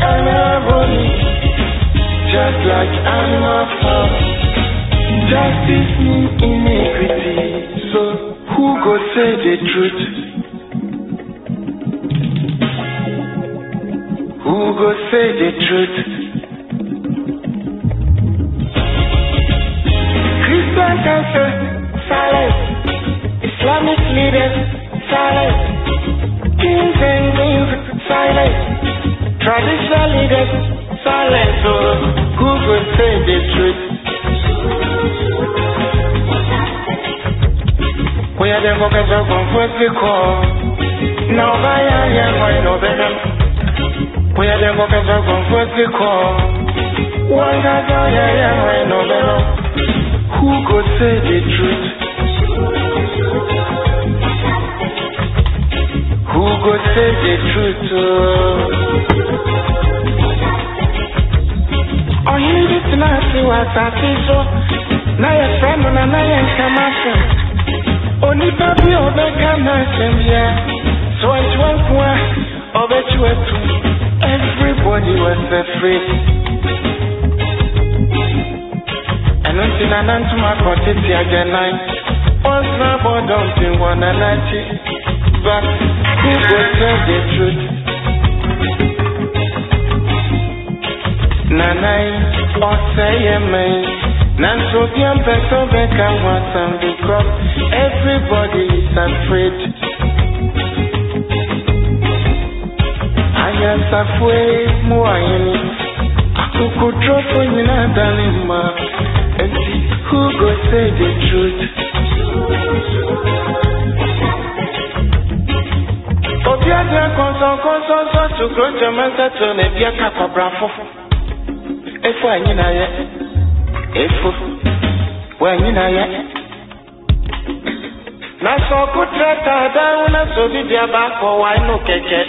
anemones, just like animal farm. Justice need inequity, so who go say the truth? Who go say the truth? Christian can't counsel, silence. Islamic leaders, silence. Dis la li de salen so Kou kou se di trit Ou ya den vokal sa kon fwek li kon Nou vayan yan woy nou benon Ou ya den vokal sa kon fwek li kon Ou an gaza ya yan woy nou benon Kou kou se di trit Ou ya den vokal sa kon fwek li kon Nou vayan yan woy nou benon atatizo na yɛfrɛ no na na yɛnkama asɛm onipa bi a ɔbɛka na asɛm yɛ sɛ ɔntiwa nko a ɔbɛkyiw atu everybody was afraid ɛno nti na nantom akɔtete agyanan ɔnsra bɔdɔmpen wɔ nanakyi but who go tell the truth nanai Oseyeme. Nansobian Everybody is afraid. Ayasafwe Muayini. Akukutrofo Ninadanima. And who go say the truth? Obiadia Konson Konson Sotu Gronja Mansaton, Ebiaka Pabrafo. efu anyị na ya efu anyị na ya na sọkụ trata adanwụ na sodibia bụ afọ wainu keke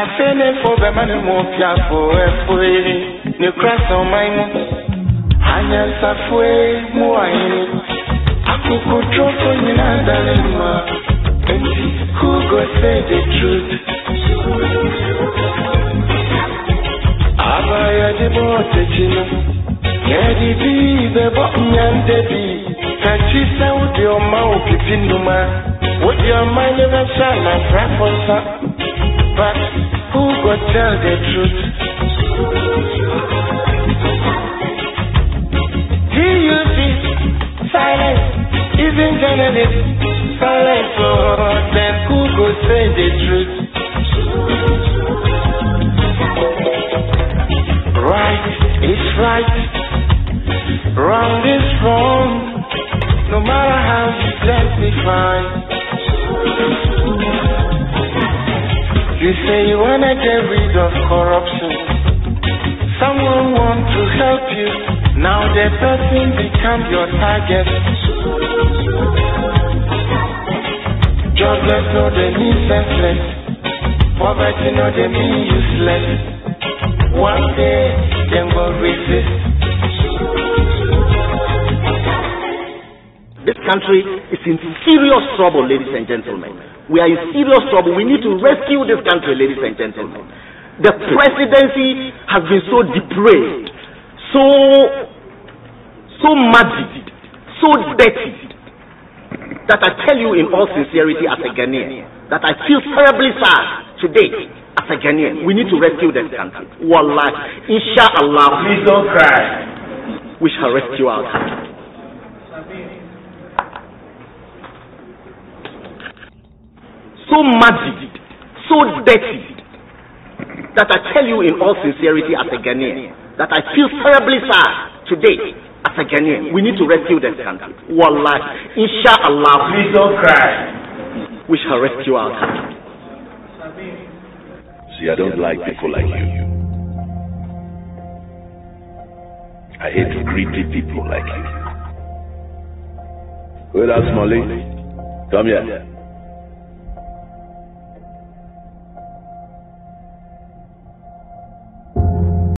afe na-efo bemani mu opi afọ efu iri n'ekura sọ ọman mu anya nsafue mu anyị akụkụ trọfọ nyinaa dara mma eti who go say the truth. nyande bo silence? Even journalists silence, oh, then who could say the truth? Right is right, wrong is wrong, no matter how you justify. You say you wanna get rid of corruption. Someone want to help you. Now the person become your target. Jobless know they mean senseless. Poverty know they mean useless. One day, them will resist. This country is in serious trouble, ladies and gentlemen. We are in serious trouble. We need to rescue this country, ladies and gentlemen. The presidency has been so depraved, so so muddied, so dirty, that I tell you in all sincerity as a Ghanaian that I feel terribly sad today as a Ghanaian, we need to rescue this country. Wallah, inshallah. Please don't cry. We shall rescue our country. So muddy, so dirty, that I tell you in all sincerity as a Ghanaian, that I feel terribly sad today as a Ghanaian. We need to rescue this country. Wallah, inshallah. Please don't cry. We shall rescue our country. I don't like people like you. I hate greedy people like you. Wait up, Molly. Come here.